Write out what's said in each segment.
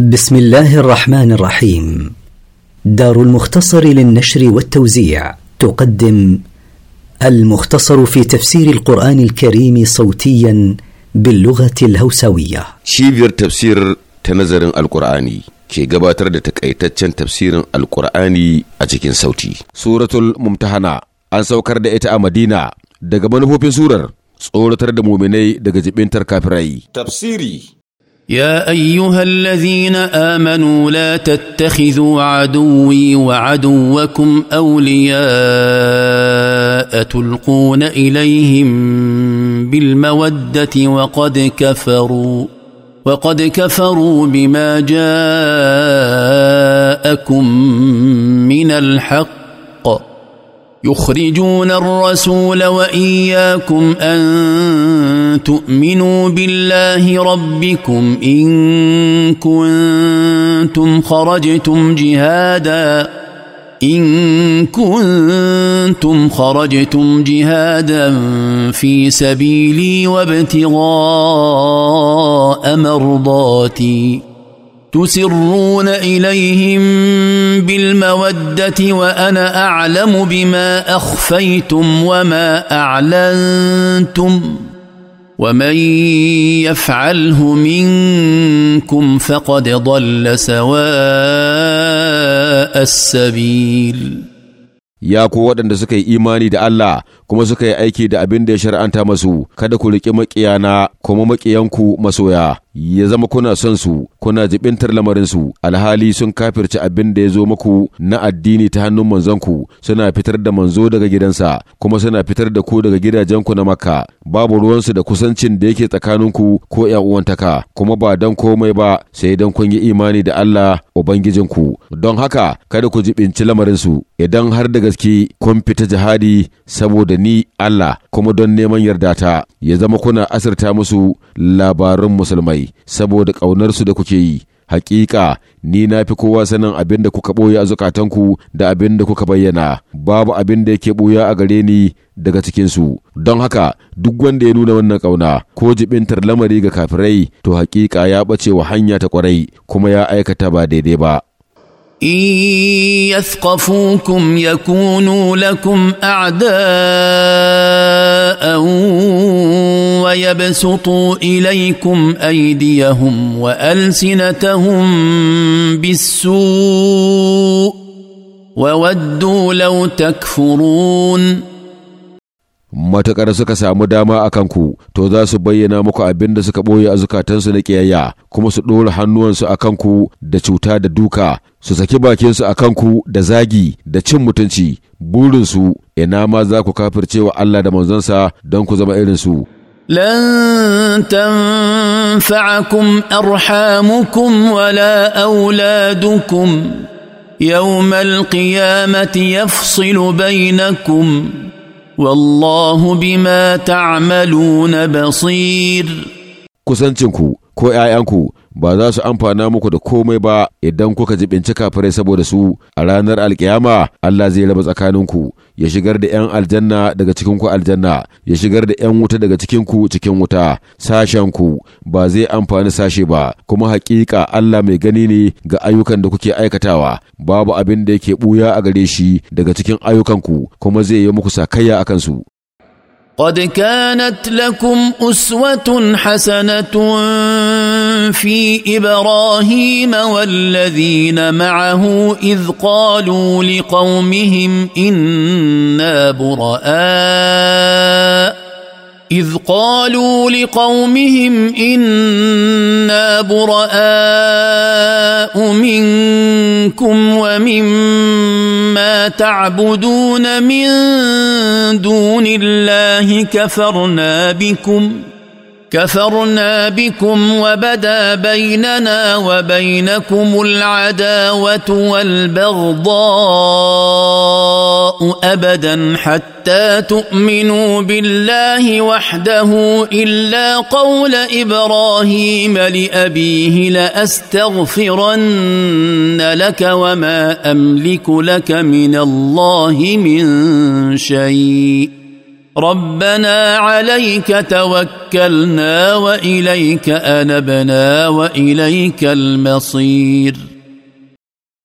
بسم الله الرحمن الرحيم دار المختصر للنشر والتوزيع تقدم المختصر في تفسير القرآن الكريم صوتيا باللغة الهوسوية شيفير تفسير تنظر القرآن كي قباتر تكأيتتشن تفسير القرآن أجيكين صوتي سورة الممتحنة أن سوكر دائتا مدينة دقبنه في سورة سورة المؤمنين دقجبين تركافرين تفسيري يا ايها الذين امنوا لا تتخذوا عدوي وعدوكم اولياء تلقون اليهم بالموده وقد كفروا وقد كفروا بما جاءكم من الحق يخرجون الرسول واياكم ان تؤمنوا بالله ربكم ان كنتم خرجتم جهادا ان كنتم خرجتم جهادا في سبيلي وابتغاء مرضاتي تسرون اليهم بالموده وانا اعلم بما اخفيتم وما اعلنتم ومن يفعله منكم فقد ضل سواء السبيل يا قوة waɗanda suka إيماني دا الله kuma suka yi aiki da abin da ya shar'anta masu kada ku riƙi maƙiyana kuma maƙiyanku masoya ya zama kuna son su kuna jibintar lamarinsu alhali sun kafirci abin da ya zo muku na addini ta hannun manzonku suna fitar da manzo daga gidansa kuma suna fitar da ku daga gidajenku na makka babu ruwansu da kusancin da yake tsakanin ku ko uwantaka kuma ba don komai ba sai don kun yi imani da Allah ku don haka kada ku jibinci lamarin su idan har da gaske kun fita jihadi saboda ni Allah kuma don neman yarda ta ya zama kuna asirta musu labarun musulmai saboda ƙaunarsu da kuke yi hakika ni na fi kowa sanin abin da kuka ɓoye a zukatanku da abin da kuka bayyana babu abin da yake ɓoya a gare ni daga cikinsu don haka duk wanda ya nuna wannan ƙauna ko jibintar lamari ga kafirai to hakika ya ɓace wa hanya ta ƙwarai kuma ya aikata ba daidai ba ان يثقفوكم يكونوا لكم اعداء ويبسطوا اليكم ايديهم والسنتهم بالسوء وودوا لو تكفرون matuƙar suka samu dama a kanku to za su bayyana muku abin da suka ɓoye a zukatansu na ƙiyayya kuma su ɗora hannuwansu a kanku da cuta da duka su saki bakinsu a kanku da zagi da cin mutunci burinsu ina ma za ku kafircewa Allah da manzansa don ku zama irinsu. لن تنفعكم ارحامكم ولا اولادكم يوم القيامه يفصل بينكم والله بما تعملون بصير كسنتكم ko ‘ya'yanku ba za su amfana muku da komai ba idan kuka ji bincika kafirai saboda su a ranar alkiyama Allah zai raba tsakaninku ya shigar da ‘yan aljanna daga cikinku aljanna ya shigar da ‘yan wuta daga cikinku cikin wuta sashenku ba zai amfani sashe ba kuma haƙiƙa Allah mai gani ne ga ayyukan da kuke aikatawa babu abin da yake ɓuya a gare shi daga cikin ayyukanku kuma zai yi muku sakayya a kansu. قد كانت لكم اسوه حسنه في ابراهيم والذين معه اذ قالوا لقومهم انا براء إذ قالوا لقومهم إنا براء منكم ومما تعبدون من دون الله كفرنا بكم كفرنا بكم وبدا بيننا وبينكم العداوة والبغضاء ابدا حتى تؤمنوا بالله وحده الا قول ابراهيم لابيه لاستغفرن لك وما املك لك من الله من شيء ربنا عليك توكلنا واليك انبنا واليك المصير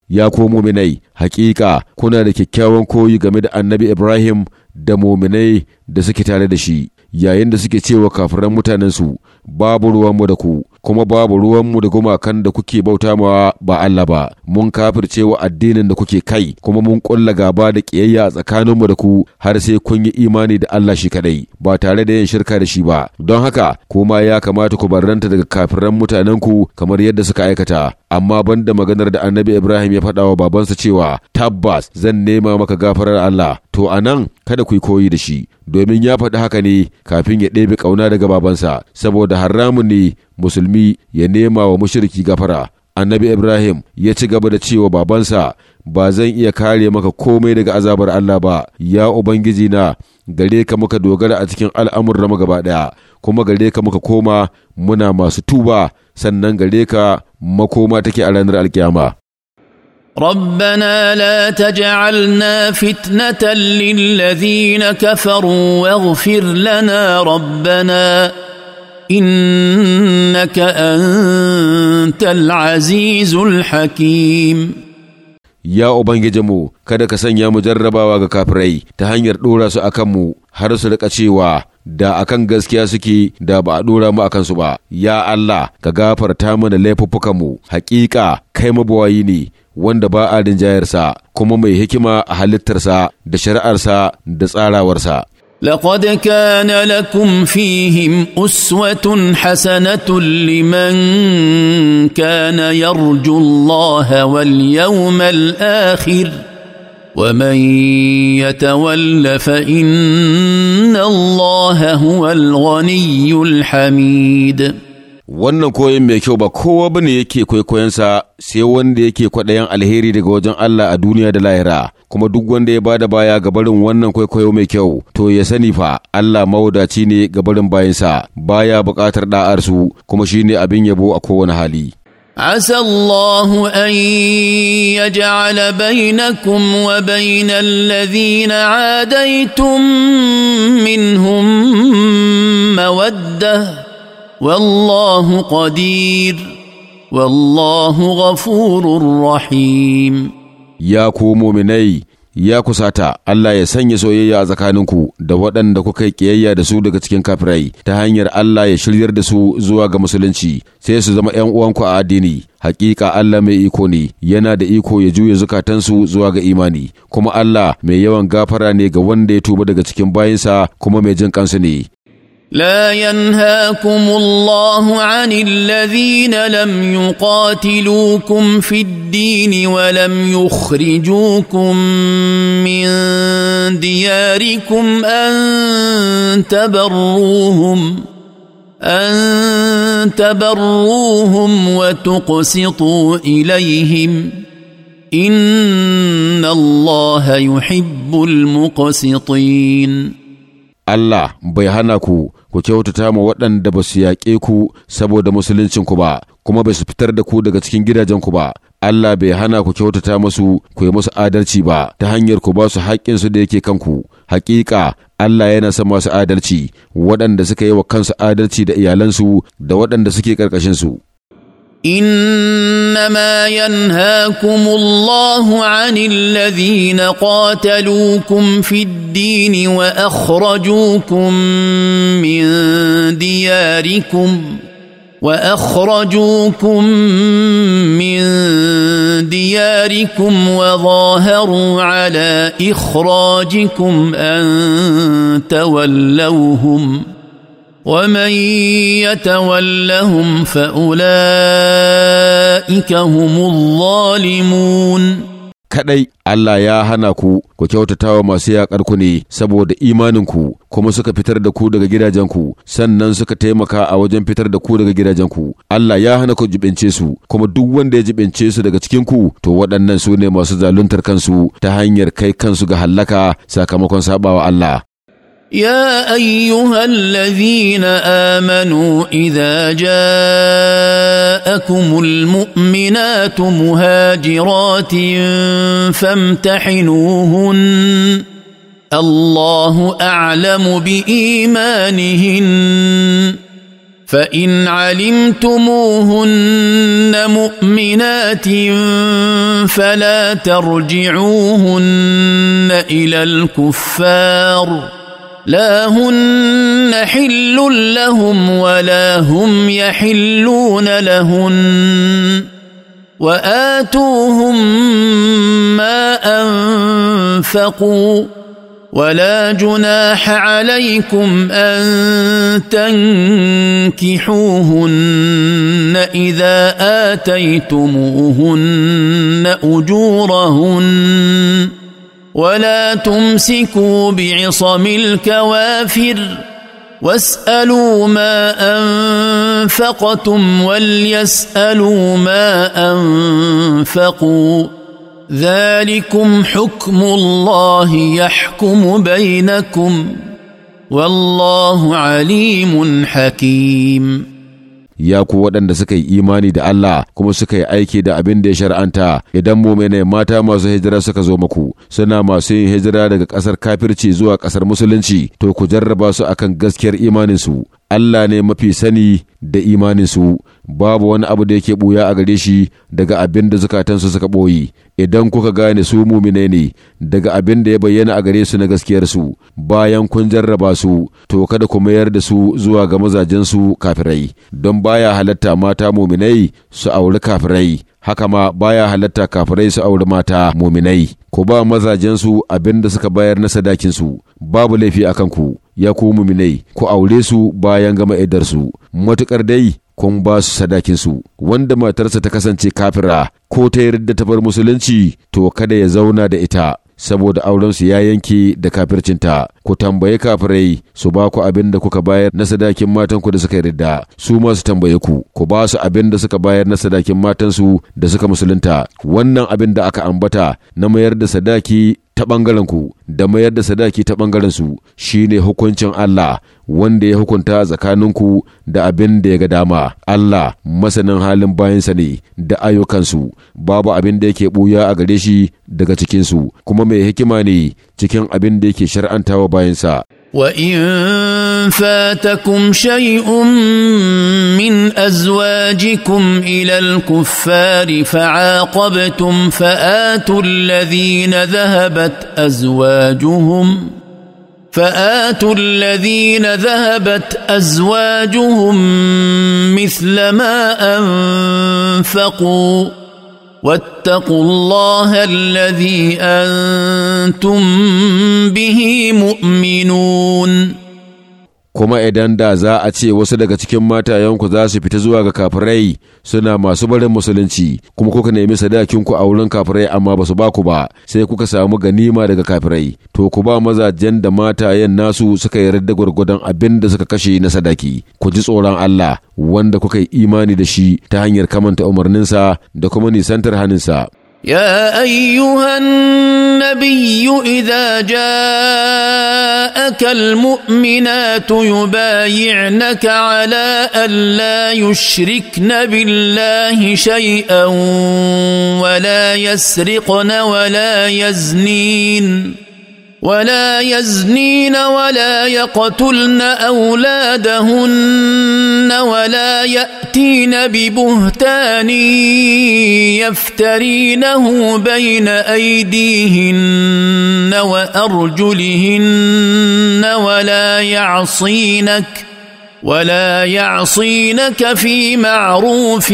ya ko muminai hakika kuna da kyakkyawan koyi game da annabi Ibrahim da muminai da suke tare da shi yayin da suke cewa kafiran mutanensu babu ruwanmu da ku kuma babu ruwanmu da gumakan da kuke bauta mawa ba Allah ba mun kafircewa addinin da kuke kai kuma mun kulla gaba da kiyayya a tsakaninmu da ku har sai kun yi imani da Allah shi kadai ba tare da yin shirka da shi ba don haka kuma ya kamata ku barranta daga kafiran mutanenku kamar yadda suka aikata amma banda maganar da annabi Ibrahim ya faɗa babansa cewa tabbas zan nema maka gafarar Allah to anan kada ku yi koyi da shi domin ya faɗi haka ne kafin ya ɗebe kauna daga babansa saboda haramun ne musulmi ya nema wa mushriki gafara annabi Ibrahim ya ci gaba da cewa babansa ba zan iya kare maka komai daga azabar Allah ba ya ubangiji na gare ka muka dogara a cikin al'amuran gaba ɗaya kuma gare ka muka koma muna masu tuba sannan gare ka makoma take a ranar alkiyama. ربنا لا تجعلنا فتنة للذين كفروا واغفر لنا ربنا إنك أنت العزيز الحكيم يا أبنجي جمو كدك سنيا مجربا واغا كابري تهنير دورا سو أكمو har su rika cewa da akan gaskiya suke da ba a dora mu akan su ba ya Allah ka gafarta mana laifuffukan mu hakika kai mabawayi ne wanda ba a rinjayarsa kuma mai hikima a halittarsa da shari'arsa da tsarawarsa لقد كان لكم فيهم أسوة حسنة لمن كان يرجو الله واليوم الآخر ومن يتول فإن الله هو الغني الحميد wannan koyon mai kyau ba kowa bane yake kwaikwayonsa sai wanda yake kwaɗayan alheri daga wajen Allah a duniya da lahira kuma duk wanda ya bada baya ga barin wannan kwaikwayo mai kyau to ya sani fa Allah mawadaci ne ga barin bayansa baya buƙatar ɗa'arsu kuma shine abin yabo a kowane hali عسى الله ان يجعل بينكم وبين الذين عاديتم منهم موده والله قدير والله غفور رحيم يا كومو مني ya kusata Allah ya sanya soyayya a tsakaninku da waɗanda kuka yi ƙiyayya da su daga cikin kafirai ta hanyar Allah ya shiryar da su zuwa ga musulunci sai su zama ‘yan uwanku a addini hakika Allah mai iko ne yana da iko ya juya zukatansu zuwa ga imani kuma Allah mai yawan gafara ne ga wanda ya tuba daga cikin bayinsa kuma mai jin kansu ne لا ينهاكم الله عن الذين لم يقاتلوكم في الدين ولم يخرجوكم من دياركم ان تبروهم ان تبروهم وتقسطوا اليهم ان الله يحب المقسطين Allah bai hana ku ku kyautata ma waɗanda ba su yaƙe ku saboda musuluncinku ba, kuma bai su fitar da ku daga cikin gidajenku ba. Allah bai hana ku kyautata masu ku yi musu adalci ba ta hanyar ku ba su haƙƙinsu da yake kanku. haƙiƙa Allah yana son masu adalci waɗanda suka yi wa kansu adalci da iyalansu da waɗanda suke ƙarƙashinsu. انما ينهاكم الله عن الذين قاتلوكم في الدين واخرجوكم من دياركم واخرجوكم من دياركم وظاهروا على اخراجكم ان تولوهم ومن يتولهم فأولئك هم الظالمون kaɗai Allah ya hana ku ku kyautatawa masu ku ne saboda imaninku kuma suka fitar da ku daga gidajenku sannan suka taimaka a wajen fitar da ku daga gidajenku Allah ya hana ku jibince su kuma duk wanda ya jibince su daga cikinku to waɗannan su ne masu zaluntar kansu ta hanyar kai kansu ga hallaka sakamakon sabawa Allah يا ايها الذين امنوا اذا جاءكم المؤمنات مهاجرات فامتحنوهن الله اعلم بايمانهن فان علمتموهن مؤمنات فلا ترجعوهن الى الكفار لا هن حل لهم ولا هم يحلون لهن واتوهم ما انفقوا ولا جناح عليكم ان تنكحوهن اذا اتيتموهن اجورهن ولا تمسكوا بعصم الكوافر واسالوا ما انفقتم وليسالوا ما انفقوا ذلكم حكم الله يحكم بينكم والله عليم حكيم ya ku waɗanda suka yi imani da Allah kuma suka yi aiki da abin da ya shar'anta idan muminai mata masu hijira suka zo muku suna masu yin hijira daga ƙasar kafirci zuwa ƙasar musulunci to ku jarraba su akan gaskiyar imanin su Allah ne mafi sani da imanin su babu wani abu da yake buya a gare shi daga abin da zukatansu suka ɓoye idan kuka gane su mumine ne daga abin da ya bayyana a gare su na gaskiyarsu bayan kun jarraba su to kada ku mayar da su zuwa ga mazajensu kafirai don baya halatta mata muminai su auri kafirai haka ma baya halatta kafirai su auri mata muminai ku ba mazajensu abin da suka bayar na sadakinsu babu laifi akan ku ya ku muminai ku aure su bayan gama idarsu matukar dai kun ba su sadakinsu wanda matarsa ta kasance kafira ko ta yarda ta bar musulunci to kada ya zauna da ita saboda aurensu ya yanke da kafircinta ku tambaye kafirai su ba ku abin da kuka bayar na sadakin matanku da suka yarda su ma su tambaye ku ku ba su abin da suka bayar na sadakin matansu da suka musulunta wannan abin da aka ambata na mayar da sadaki ta ɓangaren ku da mayar da sadaki ta ɓangaren su shine hukuncin Allah wanda ya hukunta tsakanin ku da abin da ya ga dama Allah masanin halin bayansa ne da ayyukansu babu abin da yake buya a gare shi daga su kuma mai hikima ne cikin abin da yake shar'antawa bayansa وان فاتكم شيء من ازواجكم الى الكفار فعاقبتم فاتوا الذين ذهبت ازواجهم فاتوا الذين ذهبت ازواجهم مثل ما انفقوا واتقوا الله الذي انتم به مؤمنون kuma idan da za a ce wasu daga cikin matayenku za su fita zuwa ga kafirai suna masu barin musulunci kuma kuka nemi sadakinku a wurin kafirai amma ba su ba ku ba sai kuka samu ganima daga kafirai to ku ba mazajen da matayen nasu suka yi yarda gwargwadon abin da suka kashe na sadaki ku ji tsoron Allah wanda kuka yi imani da shi ta hanyar kamanta umarninsa da kuma nisantar haninsa يا ايها النبي اذا جاء جاءك المؤمنات يبايعنك على ألا يشركن بالله شيئا ولا يسرقن ولا يزنين ولا يزنين ولا يقتلن أولادهن ولا يأتين ببهتان يفترينه بين أيديهن وأرجلهن يعصينك ولا يعصينك في معروف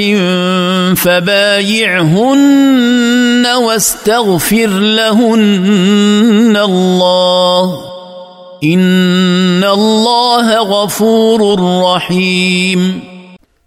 فبايعهن واستغفر لهن الله ان الله غفور رحيم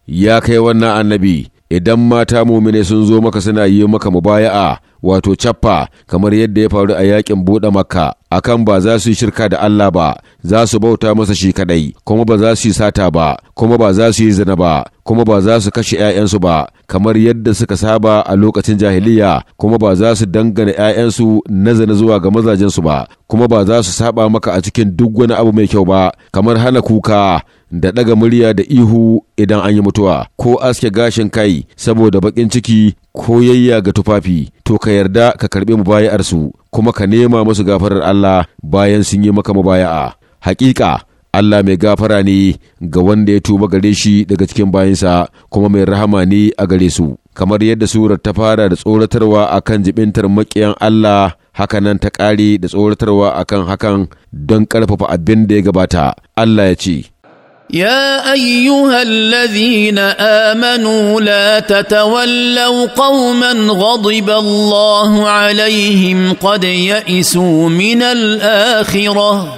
يا كي النبي idan mata mumine sun zo maka suna yi maka mubaya'a wato cappa kamar yadda ya faru a yakin buɗe makka akan ba za su yi shirka da Allah ba za su bauta masa shi kaɗai kuma ba za su yi sata ba kuma ba za su yi zina ba kuma ba za su kashe 'ya'yansu ba kamar yadda suka saba a lokacin jahiliya kuma ba za su dangana 'ya'yansu na zina zuwa ga mazajensu ba kuma ba za su saba maka a cikin duk wani abu mai kyau ba kamar hana kuka da ɗaga murya da ihu idan an yi mutuwa ko aske gashin kai saboda baƙin ciki ko yayya ga tufafi to ka yarda ka karɓi mubaya'arsu kuma ka nema musu gafarar Allah bayan sun yi maka mubaya'a haƙiƙa Allah mai gafara ne ga wanda ya tuba gare shi daga cikin bayansa kuma mai rahama ne a gare su kamar yadda surar ta fara da tsoratarwa akan jibintar makiyan Allah haka nan ta ƙare da tsoratarwa akan hakan don ƙarfafa abin da ya gabata Allah ya ce يا ايها الذين امنوا لا تتولوا قوما غضب الله عليهم قد يئسوا من الاخره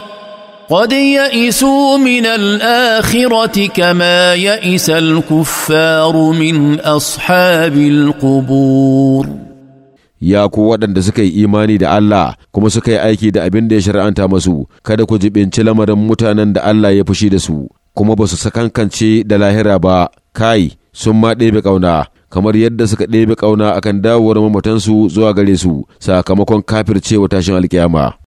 قد يئسوا من الاخره كما يئس الكفار من اصحاب القبور ya ku waɗanda suka yi imani da Allah kuma suka yi aiki da abin da ya shari'anta masu kada ku jibinci lamarin mutanen da Allah ya fushi da su kuma ba su sakankance da lahira ba kai sun ma ɗebe ƙauna kamar yadda suka ɗebe ƙauna akan dawowar mamatansu zuwa gare su sakamakon kafircewa tashin alkiyama